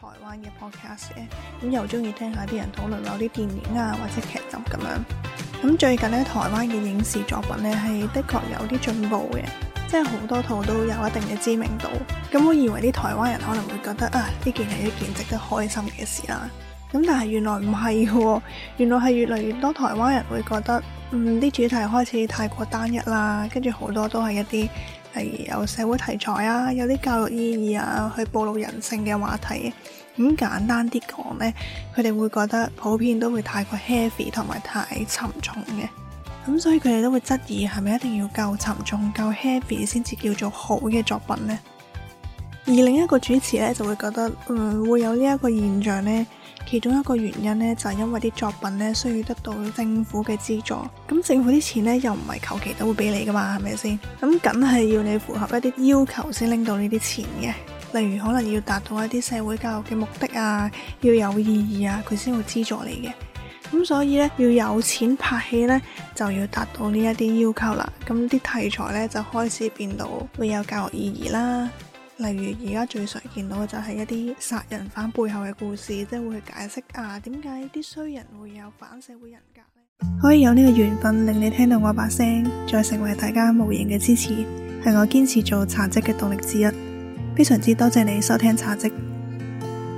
台灣嘅 Podcast 咧，咁又中意聽下啲人討論有啲電影啊或者劇集咁樣。咁最近咧，台灣嘅影視作品咧係的確有啲進步嘅，即係好多套都有一定嘅知名度。咁我以為啲台灣人可能會覺得啊，呢件係一件值得開心嘅事啦。咁但係原來唔係嘅喎，原來係越嚟越多台灣人會覺得，嗯，啲主題開始太過單一啦，跟住好多都係一啲，係有社會題材啊，有啲教育意義啊，去暴露人性嘅話題，咁簡單啲講呢，佢哋會覺得普遍都會太過 heavy 同埋太沉重嘅，咁所以佢哋都會質疑係咪一定要夠沉重、夠 heavy 先至叫做好嘅作品呢？」而另一個主持咧就會覺得，嗯，會有呢一個現象呢，其中一個原因呢，就係因為啲作品呢，需要得到政府嘅資助，咁政府啲錢呢，又唔係求其都會俾你噶嘛，係咪先？咁梗係要你符合一啲要求先拎到呢啲錢嘅，例如可能要達到一啲社會教育嘅目的啊，要有意義啊，佢先會資助你嘅。咁所以呢，要有錢拍戲呢，就要達到呢一啲要求啦，咁啲題材呢，就開始變到會有教育意義啦。例如而家最常見到嘅就係一啲殺人犯背後嘅故事，即係會去解釋啊，點解啲衰人會有反社會人格呢？可以有呢個緣分令你聽到我把聲，再成為大家無形嘅支持，係我堅持做茶嘖嘅動力之一。非常之多謝你收聽茶嘖。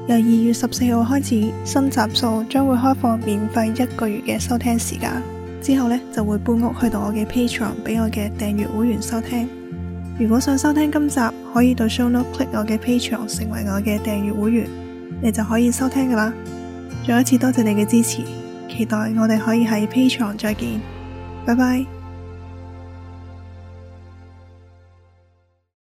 由二月十四號開始，新集數將會開放免費一個月嘅收聽時間，之後呢，就會搬屋去到我嘅 Patreon 俾我嘅訂閱會員收聽。如果想收聽今集，可以到 ShowNote click 我嘅 Patreon 成為我嘅訂閱會員，你就可以收聽噶啦。再一次多謝你嘅支持，期待我哋可以喺 Patreon 再見，拜拜。